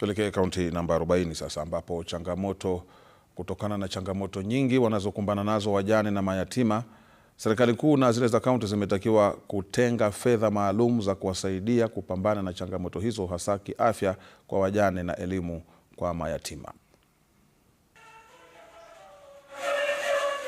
Tuelekee kaunti namba 40 sasa ambapo changamoto kutokana na changamoto nyingi wanazokumbana nazo wajane na mayatima, serikali kuu na zile za kaunti zimetakiwa kutenga fedha maalum za kuwasaidia kupambana na changamoto hizo, hasa kiafya kwa wajane na elimu kwa mayatima.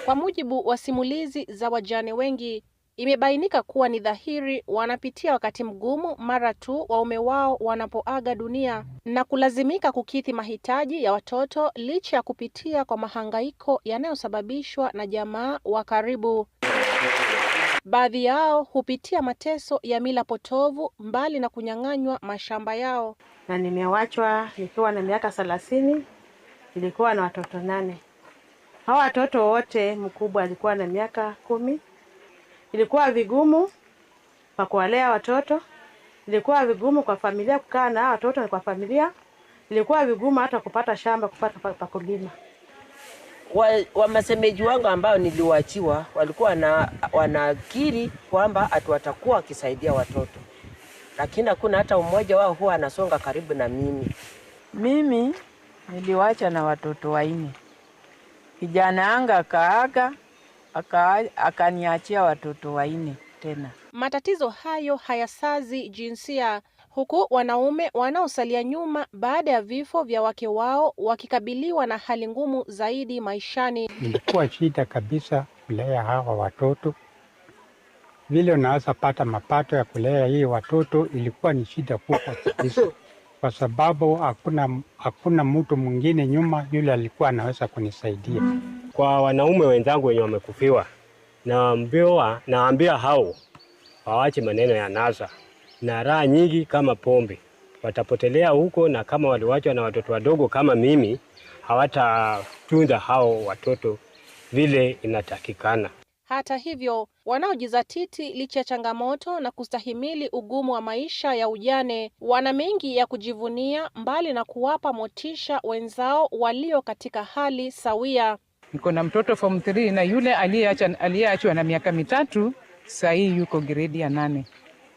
Kwa mujibu wa simulizi za wajane wengi Imebainika kuwa ni dhahiri wanapitia wakati mgumu mara tu waume wao wanapoaga dunia na kulazimika kukidhi mahitaji ya watoto licha ya kupitia kwa mahangaiko yanayosababishwa na jamaa wa karibu. Baadhi yao hupitia mateso ya mila potovu mbali na kunyang'anywa mashamba yao. Na nimewachwa nikiwa na miaka thelathini, nilikuwa na watoto nane. Hawa watoto wote, mkubwa alikuwa na miaka kumi Ilikuwa vigumu kwa kuwalea watoto, ilikuwa vigumu kwa familia kukaa na watoto na kwa familia, ilikuwa vigumu hata kupata shamba, kupata pa kulima. Wa, wa masemeji wangu ambao niliwachiwa walikuwa na, wanakiri kwamba ati watakuwa wakisaidia watoto, lakini hakuna hata mmoja wao huwa anasonga karibu na mimi. Mimi niliwacha na watoto waine, kijana anga akaaga akaniachia aka watoto waine tena. Matatizo hayo hayasazi jinsia, huku wanaume wanaosalia nyuma baada ya vifo vya wake wao wakikabiliwa na hali ngumu zaidi maishani. Ilikuwa shida kabisa kulea hawa watoto vile unaweza pata mapato ya kulea hii watoto ilikuwa ni shida kubwa kabisa, kwa sababu hakuna hakuna mtu mwingine nyuma yule alikuwa anaweza kunisaidia. Kwa wanaume wenzangu wenye wamekufiwa, naambiwa naambia hao wawache maneno ya nasa na raha nyingi kama pombe, watapotelea huko, na kama waliwachwa na watoto wadogo kama mimi, hawatatunza hao watoto vile inatakikana. Hata hivyo, wanaojizatiti licha ya changamoto na kustahimili ugumu wa maisha ya ujane, wana mengi ya kujivunia, mbali na kuwapa motisha wenzao walio katika hali sawia. Niko na mtoto form 3 na yule aliyeachwa na miaka mitatu sahii hii yuko gredi ya nane.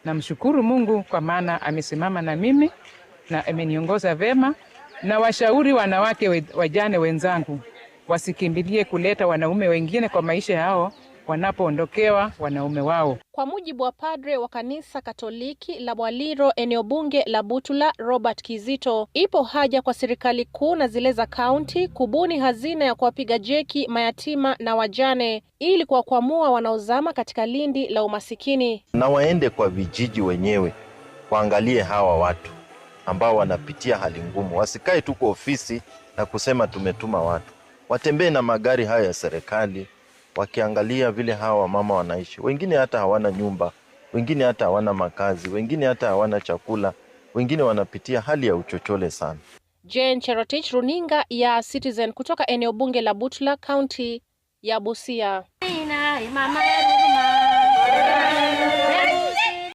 Namshukuru Mungu kwa maana amesimama na mimi na ameniongoza vema, na washauri wanawake wajane wenzangu wasikimbilie kuleta wanaume wengine kwa maisha yao wanapoondokewa wanaume wao. Kwa mujibu wa padre wa kanisa Katoliki la Bwaliro eneo bunge la Butula Robert Kizito, ipo haja kwa serikali kuu na zile za kaunti kubuni hazina ya kuwapiga jeki mayatima na wajane ili kuwakwamua wanaozama katika lindi la umasikini, na waende kwa vijiji wenyewe waangalie hawa watu ambao wanapitia hali ngumu, wasikae tu kwa ofisi na kusema tumetuma watu, watembee na magari hayo ya serikali wakiangalia vile hawa wamama wanaishi. Wengine hata hawana nyumba, wengine hata hawana makazi, wengine hata hawana chakula, wengine wanapitia hali ya uchochole sana. Jane Cherotich, runinga ya Citizen kutoka eneo bunge la Butula, kaunti ya Busia.